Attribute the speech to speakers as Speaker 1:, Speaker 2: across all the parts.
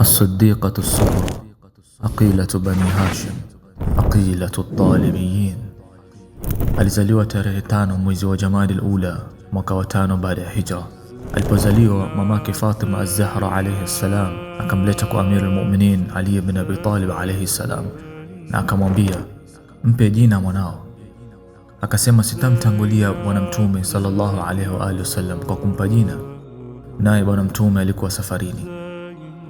Speaker 1: الصديقة الصغرى Aqila bani Hashim, aqilatu talibiyin. Alizaliwa tarehe tano mwezi wa Jamadi lula mwaka wa tano baada ya hijra. Alipozaliwa mamake Fatima az-Zahra alayhi salam akamleta kwa Amir lmuminin muminin Ali ibn Abi Talib alayhi salam na akamwambia, mpe jina mwanao. Akasema, sitamtangulia Bwana Mtume sallallahu alayhi wa alihi wasallam kwa kumpa jina, naye Bwana Mtume alikuwa safarini.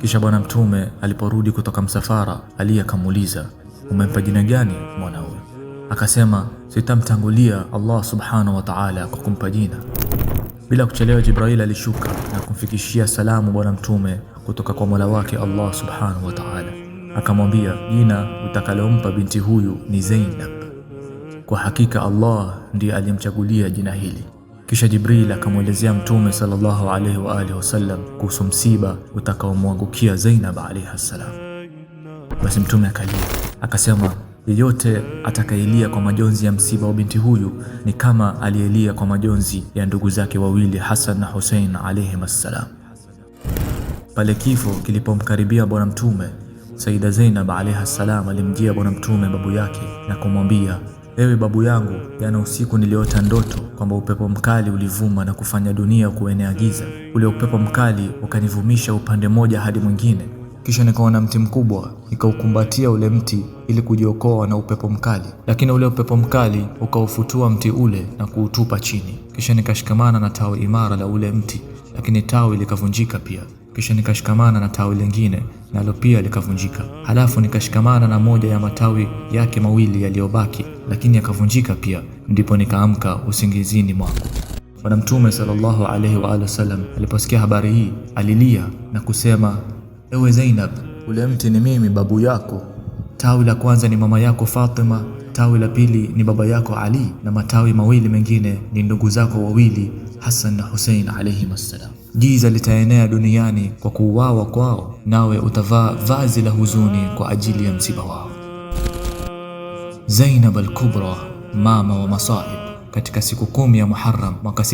Speaker 1: Kisha bwana mtume aliporudi kutoka msafara, Ali akamuuliza umempa jina gani mwana huyo? Akasema sitamtangulia Allah subhanahu wa ta'ala kwa kumpa jina. Bila kuchelewa, Jibrail alishuka na kumfikishia salamu bwana mtume kutoka kwa Mola wake Allah subhanahu wa ta'ala. Akamwambia, jina utakalompa binti huyu ni Zainab, kwa hakika Allah ndiye alimchagulia jina hili. Kisha Jibril akamwelezea Mtume sallallahu alaihi wa alihi wasallam kuhusu msiba utakaomwangukia Zainab alaiha salam. Basi Mtume akalia akasema, yeyote atakayelia kwa majonzi ya msiba wa binti huyu ni kama aliyelia kwa majonzi ya ndugu zake wawili Hasan na Husein alaihim assalam. Pale kifo kilipomkaribia Bwana Mtume, Saida Zainab alaiha salam alimjia Bwana Mtume babu yake na kumwambia Ewe babu yangu, jana usiku niliota ndoto kwamba upepo mkali ulivuma na kufanya dunia kuenea giza. Ule upepo mkali ukanivumisha upande mmoja hadi mwingine, kisha nikaona mti mkubwa, nikaukumbatia ule mti ili kujiokoa na upepo mkali, lakini ule upepo mkali ukaufutua mti ule na kuutupa chini. Kisha nikashikamana na tawi imara la ule mti, lakini tawi likavunjika pia kisha nikashikamana na tawi lingine nalo pia likavunjika. Halafu nikashikamana na moja ya matawi yake mawili yaliyobaki, lakini yakavunjika pia. Ndipo nikaamka usingizini mwangu. Bwana Mtume sallallahu alaihi wa alihi wasallam aliposikia habari hii alilia na kusema, ewe Zainab, ule mti ni mimi babu yako, tawi la kwanza ni mama yako Fatima Tawi la pili ni baba yako Ali na matawi mawili mengine ni ndugu zako wawili Hassan na Hussein alayhim assalam. Giza litaenea duniani kwa kuuawa kwao, nawe utavaa vazi la huzuni kwa ajili ya msiba wao. Zainab al-Kubra, mama wa masaib katika siku kumi ya Muharram mwaka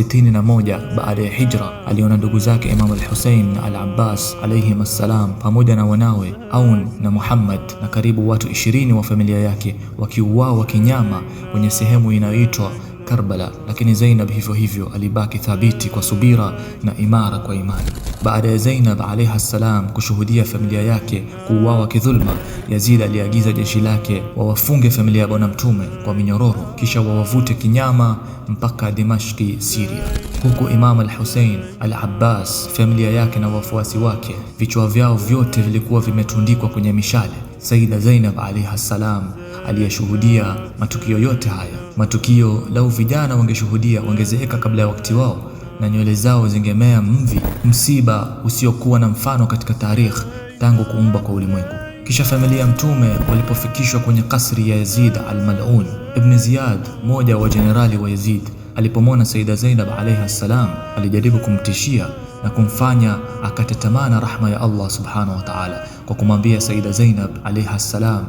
Speaker 1: moja baada ya hijra, aliona ndugu zake Imam al-Hussein na al-Abbas assalam pamoja na wanawe Aun na Muhammad na karibu watu ishirini wa familia yake wakiuawa kinyama kwenye sehemu inayoitwa Karbala, lakini Zainab hivyo hivyo alibaki thabiti kwa subira na imara kwa imani. Baada ya Zainab alayha salam kushuhudia familia yake kuuawa kidhulma, Yazid aliagiza jeshi lake wawafunge familia ya Bwana Mtume kwa minyororo, kisha wawavute kinyama mpaka Dimashki, Syria huku Imam al-Hussein al-Abbas, familia yake na wafuasi wake vichwa vyao vyote vilikuwa vimetundikwa kwenye mishale. Saida Zainab alayha salam aliyeshuhudia matukio yote haya. Matukio lau vijana wangeshuhudia wangezeeka kabla ya wakati wao na nywele zao zingemea mvi, msiba usiokuwa na mfano katika tarikh tangu kuumba kwa ulimwengu. Kisha familia ya Mtume walipofikishwa kwenye kasri ya Yazid al-Mal'un, Ibn Ziyad, mmoja wa jenerali wa Yazid alipomwona Saida Zainab alayha salam, alijaribu kumtishia na kumfanya akate tamaa na rahma ya Allah subhanahu wa ta'ala, kwa kumwambia Saida Zainab alayha salam,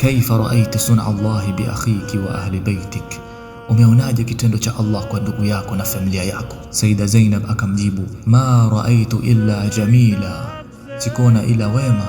Speaker 1: kaifa raaiti suna Allahi bi akhiki wa ahli baitik Umeonaje kitendo cha Allah kwa ndugu yako na familia yako? Saida Zainab akamjibu, ma raaitu illa jamila, sikuona ila wema.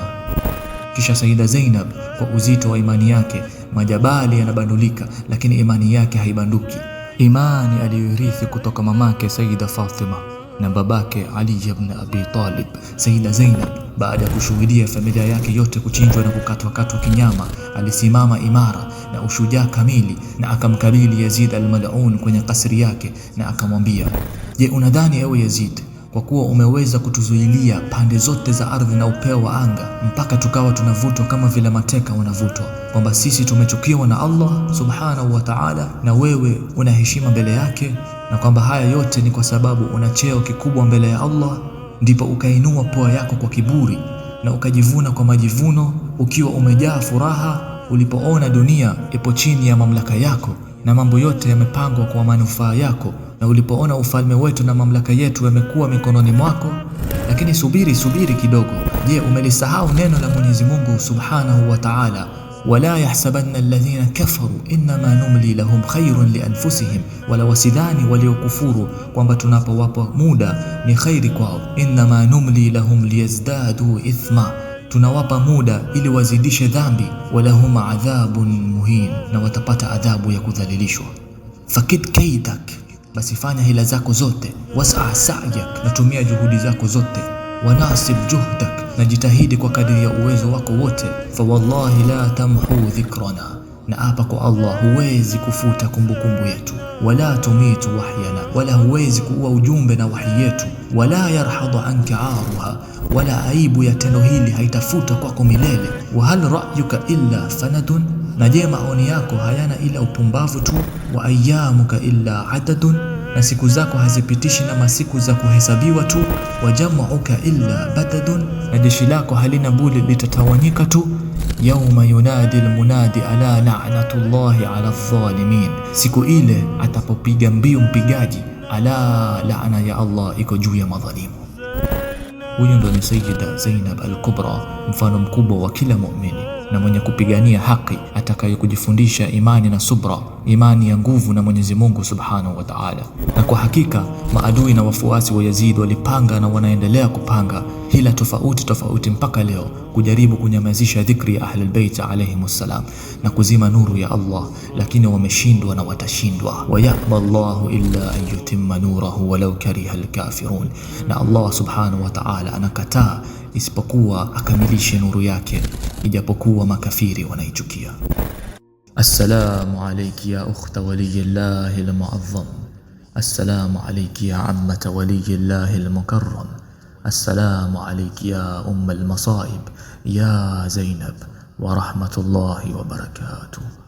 Speaker 1: Kisha Saida Zainab kwa uzito wa imani yake, majabali yanabandulika, lakini imani yake haibanduki imani aliyoirithi kutoka mamake Saida Fatima na babake Ali ibn Abi Talib. Saida Zainab baada ya kushuhudia familia yake yote kuchinjwa na kukatwakatwa kinyama, alisimama imara na ushujaa kamili na akamkabili Yazid al-Mal'un kwenye kasri yake na akamwambia, je, unadhani ewe Yazid kwa kuwa umeweza kutuzuilia pande zote za ardhi na upeo wa anga mpaka tukawa tunavutwa kama vile mateka wanavutwa, kwamba sisi tumechukiwa na Allah subhanahu wa ta'ala, na wewe una heshima mbele yake, na kwamba haya yote ni kwa sababu una cheo kikubwa mbele ya Allah, ndipo ukainua poa yako kwa kiburi na ukajivuna kwa majivuno, ukiwa umejaa furaha ulipoona dunia ipo chini ya mamlaka yako na mambo yote yamepangwa kwa manufaa yako na ulipoona ufalme wetu na mamlaka yetu yamekuwa mikononi mwako. Lakini subiri, subiri kidogo. Je, umelisahau neno la Mwenyezi Mungu Subhanahu wa Ta'ala, wala yahsabanna alladhina kafaru innama numli lahum khairun lianfusihim, wala wasidhani waliokufuru kwamba tunapowapa muda ni khairi kwao. Innama numli lahum liyazdadu ithma tunawapa muda ili wazidishe dhambi. walahum adhabun muhin, na watapata adhabu ya kudhalilishwa. fakid kaidak basi fanya hila zako zote, wasa sayak, natumia juhudi zako zote, wanasib juhdak, na jitahidi kwa kadiri ya uwezo wako wote. fawallahi la tamhu dhikrana, na apa kwa Allah huwezi kufuta kumbukumbu kumbu yetu, wala tumitu wahyana, wala huwezi kuua ujumbe na wahi yetu, wala yarhadu anka aruha, wala aibu ya tendo hili haitafuta kwako milele. Wahal rayuka illa fanadun na je, maoni yako hayana ila upumbavu tu? wa ayamuka illa adadun, na siku zako hazipitishi na masiku za kuhesabiwa tu. wa jamuka illa badadun, na jeshi lako halina budi litatawanyika tu. Yauma yunadi lmunadi ala lanatu llahi ala dhalimin, siku ile atapopiga mbiu mpigaji, ala laana ya Allah iko juu ya madhalimu. Huyu ndo ni Sayyida Zainab al-Kubra, mfano mkubwa wa kila mumini na mwenye kupigania haki atakayekujifundisha imani na subra, imani ya nguvu na Mwenyezi Mungu Subhanahu wa Ta'ala. Na kwa hakika maadui na wafuasi wa Yazid walipanga na wanaendelea kupanga hila tofauti tofauti mpaka leo kujaribu kunyamazisha dhikri ya Ahlul Bait alayhim salam na kuzima nuru ya Allah, lakini wameshindwa na watashindwa. wayaba Allahu illa an yutimma nurahu walau kariha alkafirun, na Allah Subhanahu wa Ta'ala anakataa isipokuwa akamilishe nuru yake ijapokuwa makafiri wanaichukia.
Speaker 2: Assalamu alayki ya ukhta waliyillahi almuazzam, assalamu alayki ya ammata waliyillahi almukarram, assalamu alayki ya umma almasaib ya Zainab wa rahmatullahi wa barakatuh.